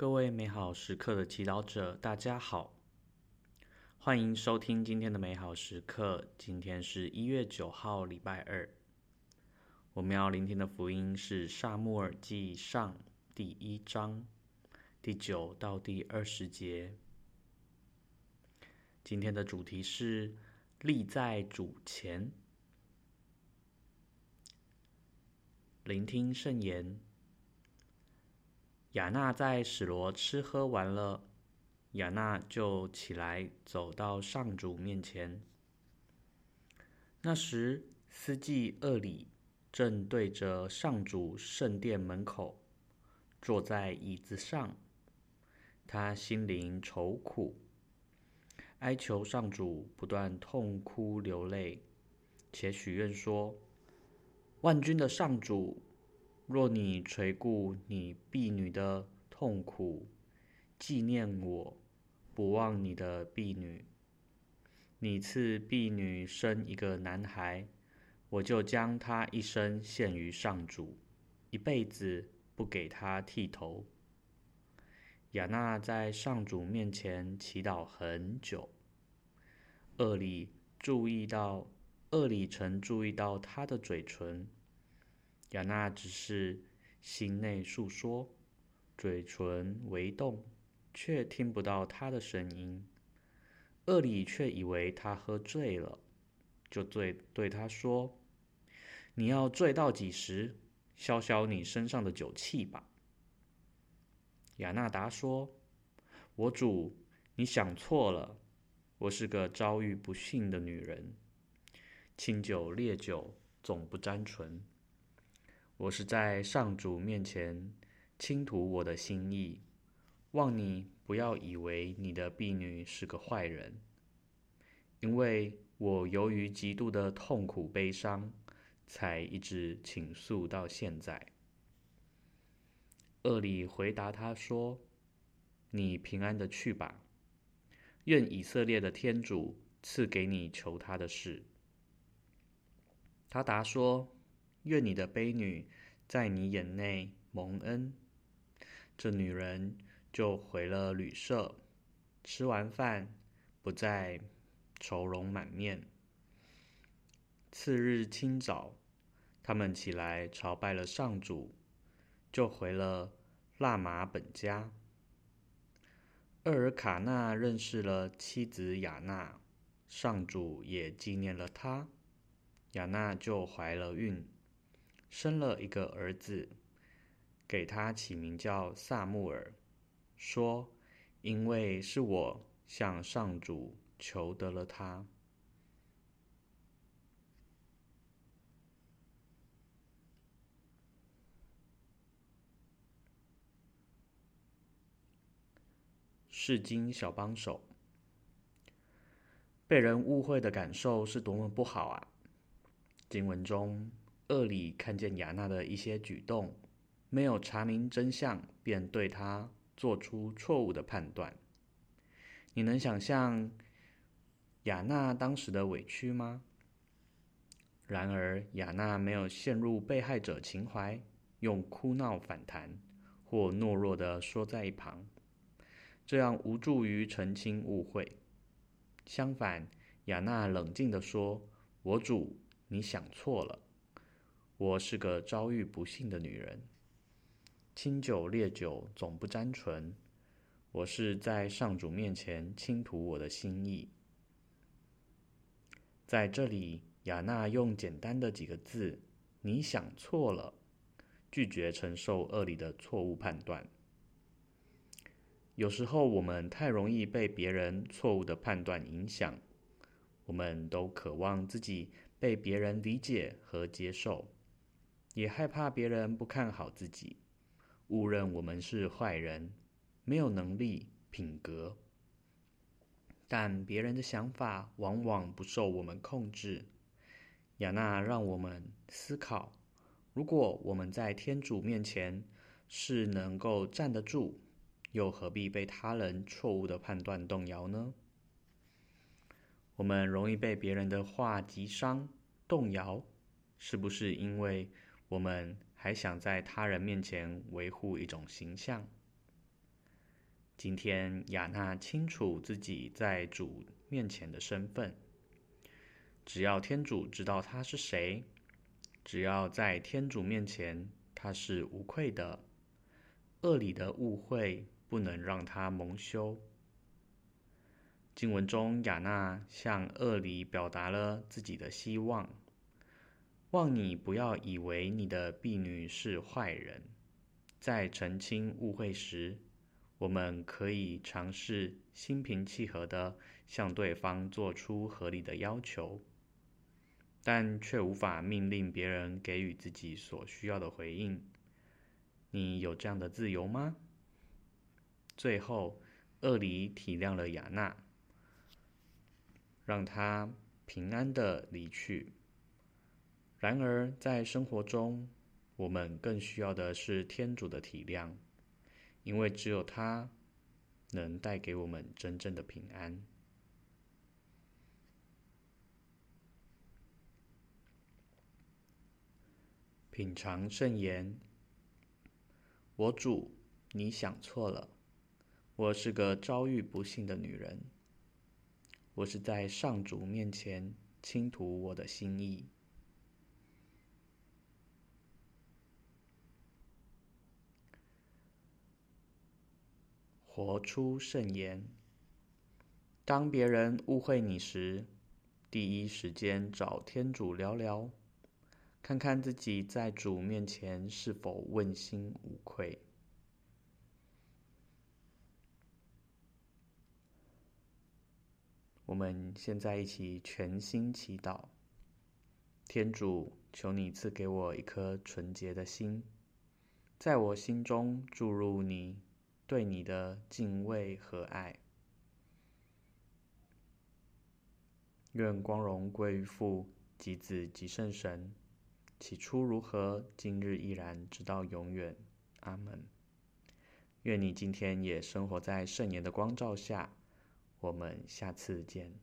各位美好時刻的祈禱者，大家好，歡迎收聽今天的美好時刻。今天是一月九號，禮拜二。我們要聆聽的福音是《撒慕爾紀上》第一章第九到第二十節。今天的主題是立在主前，聆聽聖言。亞納在史羅吃喝完了，亞納就起來走到上主面前。那時，司祭厄里正對着上主聖殿門口，坐在椅子上，他心靈愁苦，哀求上主，不斷痛哭流淚，且許願說：“萬軍的上主。”若你垂顧你婢女的痛苦，紀念我，不忘你的婢女。你賜婢女生一個男孩，我就將他一生獻於上主，一輩子不給他剃頭。亞納在上主面前祈禱很久。厄里注意到，厄里曾注意到她的嘴唇。亞納只是心內訴說，嘴唇微動，卻聽不到她的聲音。厄里卻以為她喝醉了，就對對她說：“你要醉到幾時？消消你身上的酒氣吧。”亞納答說：“我主，你想錯了，我是個遭遇不幸的女人，清酒烈酒總不沾唇。”我是在上主面前傾吐我的心意，望你不要以為你的婢女是個壞人，因為我由於極度的痛苦悲傷，才一直傾訴到現在。厄里回答他說：“你平安的去吧，願以色列的天主賜給你求他的事。”他答說，願你的婢女在你眼內蒙恩。這女人就回了旅舍，吃完飯不再愁容滿面。次日清早，他們起來朝拜了上主，就回了辣瑪本家。厄耳卡納認識了妻子亞納，上主也記念了她，亞納就懷了孕。生了一個兒子，給他起名叫撒慕爾，說：“因為是我向上主求得了他。”釋經小幫手。被人誤會的感受是多麼不好啊！經文中，厄里看見亞納的一些舉動，沒有查明真相，便對她做出錯誤的判斷。你能想象亞納當時的委屈嗎？然而，亞納沒有陷入被害者情懷，用哭鬧反彈，或懦弱的縮在一旁，這樣無助於澄清誤會。相反，亞納冷靜的說：“我主，你想錯了。”我是個遭遇不幸的女人，清酒烈酒總不沾唇。我是在上主面前傾吐我的心意。在這裡，雅娜用簡單的幾個字：“你想錯了”，拒絕承受惡里的錯誤判斷。有時候，我們太容易被別人錯誤的判斷影響。我們都渴望自己被別人理解和接受。也害怕別人不看好自己，誤認我們是壞人，沒有能力、品格。但別人的想法往往不受我們控制。亞納讓我們思考：如果我們在天主面前是能夠站得住，又何必被他人錯誤的判斷動搖呢？我們容易被別人的話擊傷、動搖，是不是因為，我們還想在他人面前維護一種形象。今天，亞納清楚自己在主面前的身份。只要天主知道她是誰，只要在天主面前她是無愧的，厄里的誤會不能讓她蒙羞。經文中，亞納向厄里表達了自己的希望。望你不要以為你的婢女是壞人，在澄清誤會時，我們可以嘗試心平氣和的向對方做出合理的要求，但卻無法命令別人給予自己所需要的回應。你有這樣的自由嗎？最後，厄里體諒了亞納，讓她平安的離去。然而，在生活中，我們更需要的是天主的體諒，因為只有祂能帶給我們真正的平安。品嘗聖言，我主，你想錯了。我是個遭遇不幸的女人。我是在上主面前傾吐我的心意。活出聖言。當別人誤會你時，第一時間找天主聊聊，看看自己在主面前是否問心無愧。我們現在一起全心祈禱。天主，求你賜給我一顆純潔的心，在我心中注入你。對你的敬畏和愛。願光榮歸於父及子及聖神，起初如何，今日依然，直到永遠，阿門。願你今天也生活在聖言的光照下。我們下次見。